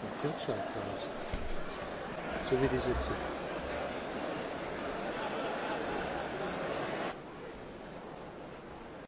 ist ein kürzerer vers so wie diese ziffer.